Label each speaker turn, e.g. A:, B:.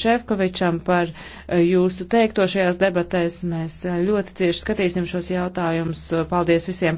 A: Šefkovičam par eh, jūsu teikto šajās debatēs. Mēs eh, ļoti cieši skatīsim šos jautājumus. Paldies visiem!